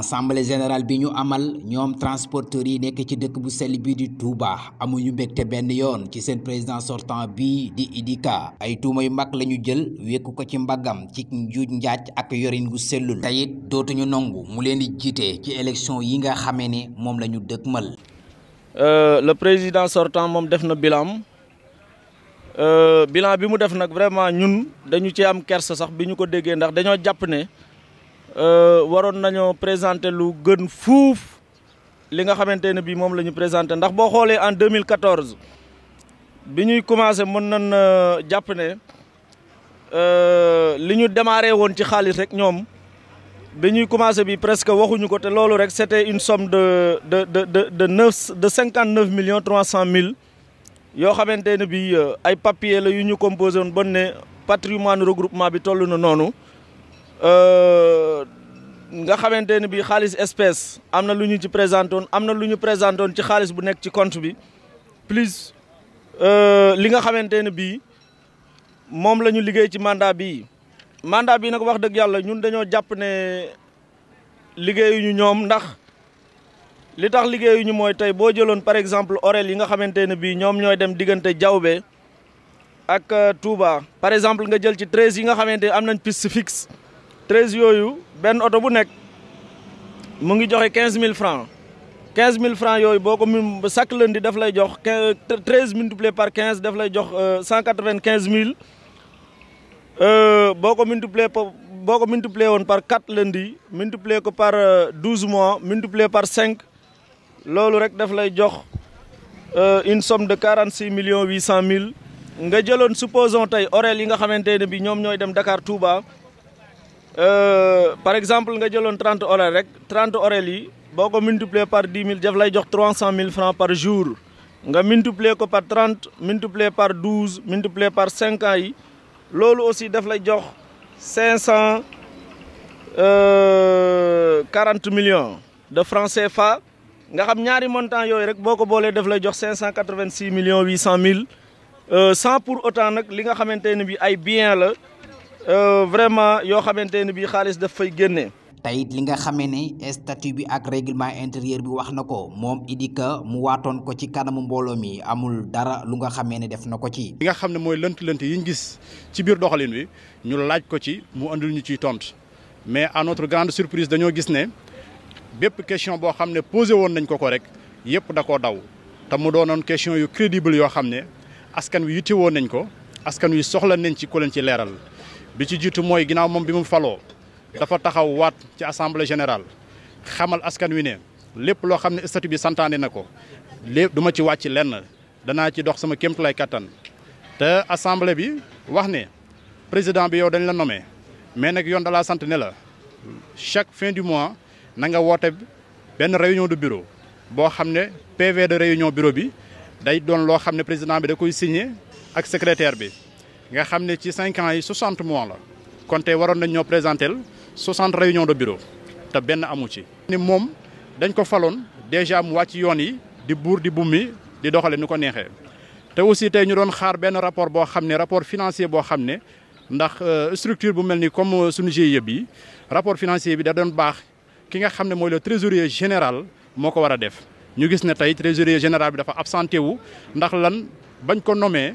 assemblée générale bi ñu amal ñom transporteur yi nek ci dëkk bu sell bi di Touba amu ñu mbégte ben yoon ci seen président sortant bi di Idi ay tuuma yu mak lañu jël wéku ko ci mbagam ci juuj njaaj ak yorin gu sellul teyit ñu nongu mu leen di jité ci élection yi nga xamé né mom lañu ñu euh le président sortant mom def na bilan euh bilan bi mu def nak vraiment ñun dañu ci am kersa sax bi ñu ko déggé ndax dañoo japp né Euh, waroon nañoo présenter lu gën fuuf li nga xamante ne bii moom la ñu présenté ndax boo xoolee en 2014 bi ñuy commencé mën nañ euh, jàpp ne euh, li ñu démarré woon ci xaalis rek ñoom bi ñuy commencé bi presque waxuñu ko te loolu rek c' une somme de de de de de neuf cinquante neuf millions trois cent mille yoo xamante ne bii ay papier la yu ñu composé woon bon ne patrimoine regroupement bi toll na noonu. Euh, nga xamante ne bii xaalis espèce am na lu ñu ci présenté woon am na lu ñu présenté woon ci xaalis bu nekk ci compte bi plus euh, li nga xamante ne bii moom la ñu liggéey ci mandat bii. mandat bii nag wax dëgg yàlla ñun dañoo jàpp ne liggéeyuñu ñoom ndax li tax liggéeyuñu mooy tey boo jëloon par exemple orel yi nga xamante ne bii ñoom ñooy dem diggante jawbe ak euh, Touba. par exemple nga jël ci treize yi nga xamante am nañ piste fixe. treize yooyu benn oto bu nekk mu ngi joxe quinze mille francs quinze mille francs yooyu boo ko mu chaque lundi daf lay jox treize multiplié par quinze daf lay jox euh, cent quatre vingt quinze mille euh, boo ko multiplié boo ko multiplié woon par quatre lundi multiplié ko par euh, douze mois multiplié par cinq loolu rek daf lay jox une somme de quarante six millions huit cent mille nga jëloon supposons tey horaires yi nga xamante ne bi ñoom ñooy dem Dakar Touba Eh, par exemple nga jëlone 30 horaires rek 30 horaires li boko multiplier par 10.000 def lay jox 300000 francs par jour nga multiplier ko par 30 multiplier par 12 multiplier par 5 ans yi lolu aussi def lay jox 500 euh, 40 millions de francs CFA nga xam ñaari montant yoy rek boko bolé def lay jox 586 millions 800.000, euh, sans pour autant nak li nga bi ay bien la Euh, vraiment yoo xamante ne bii xaalis daf fay génnee. teyit li nga xamee ne statut bi ak règlement intérieur bi wax na ko moom Idi Ka mu waatoon ko ci kanamu mbooloo mi amul dara lu nga xamee ne def na ko ci. li nga xam ne mooy lënt-lënt yi ñu gis ci biir doxalin wi ñu laaj ko ci mu andil ñu ciy tontu mais à notre grande surprise dañoo gis ne bépp question boo xam ne posé woon nañ ko ko rek yëpp da ko daw te mu doon doonoon question yu crédible yoo xam ne askan wi yitte woon nañ ko askan wi soxla nañ ci ku ci leeral. bi ci jiitu mooy ginnaaw moom bi mu faloo dafa taxaw waat ci assemblée générale xamal askan wi ne lépp loo xam ne statut bi santaane na ko lépp ci wàcc lenn danaa ci dox sama te assemblée bi wax ne président bi yow dañ la nommé mais nag ne la chaque fin du mois na nga woote benn réunion de bureau boo xam ne PV de réunion bureau bi day doon loo xam président bi da koy signé ak secrétaire bi nga xamné ci 5 ans yi 60 mois la kon tey waroon nañ ñoo présenter 60 réunions de bureau ta ben amu ci. ni mom dañ ko faloon déjà mu wacc yoon yi di bour di bumi di doxale ni ko neexee te aussi tey ñu doon xaar ben rapport bo xamné rapport financier bo xamné ndax euh, structure bu melni comme euh, suñu GIE bi rapport financier bi da doon bax ki nga xamné moy le trésorier général moko wara def. ñu gis né tay trésorier général bi dafa absenté wu ndax lan bañ ko nommé.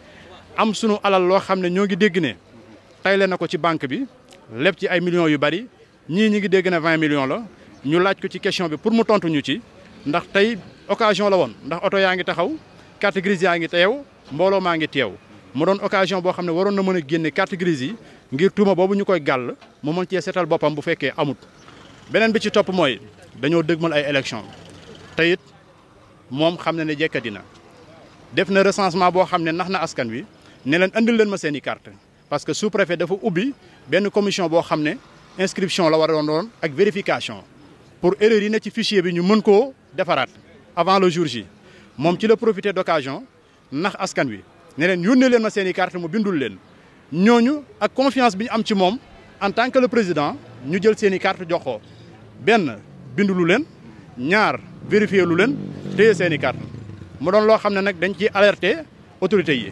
am sunu alal nous xamné dégg na ko ci banque bi lepp ci ay millions yu bari ñi dégg 20 millions la ñu laaj ko ci question bi pour mu tontu ñu ci ndax tay occasion la ndax taxaw carte grise mu occasion na mëna carte grise yi ngir tuuma bobu ñukoy que mën bu amut benen bi ci top moy dañoo dëgmal ay élection tayit mom xamné def na recensement askan ne leen andil leen ma seen i carte parce que sous-préfet dafa ubbi benn commission boo xam ne inscription la waroon doon ak vérification pour erreur yi ne ci fichier bi ñu mën koo defaraat avant le jour J moom ci la profité d'occasion nax askan wi ne leen yónnee leen ma seen i carte mu bindul leen ñooñu ak confiance bi ñu am ci moom en tant que le président ñu jël seen i carte jox ko benn bindulu leen ñaar vérifié lu leen téye seen i carte mu doon loo xam ne nag dañ ci alerter autorité yi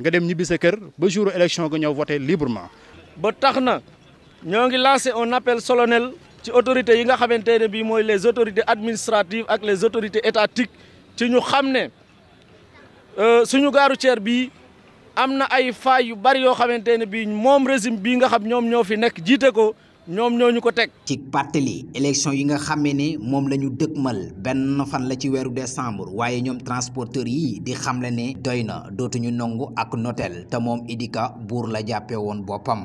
nga dem ñibbi sa kër ba jour élection nga ñëw voté librement. ba tax na ñoo ngi lancé un appel solennel ci autorités yi nga xamante ne bii mooy les autorités administratives ak les autorités étatiques ci ñu xam ne euh, suñu gaaru ceer bii am na ay failles yu bari yoo xamante ne bii moom régime bii nga xam ñoom ñoo fi nekk jiite ko. ñoom ñoo ñu ko teg. ci pàttali élection yi nga xamee ne moom la ñu mal benn fan la ci weeru décembre waaye ñoom transporteur yi di xamle ne doy na dootuñu nangu ak notel te moom Idika buur la jàppee woon boppam.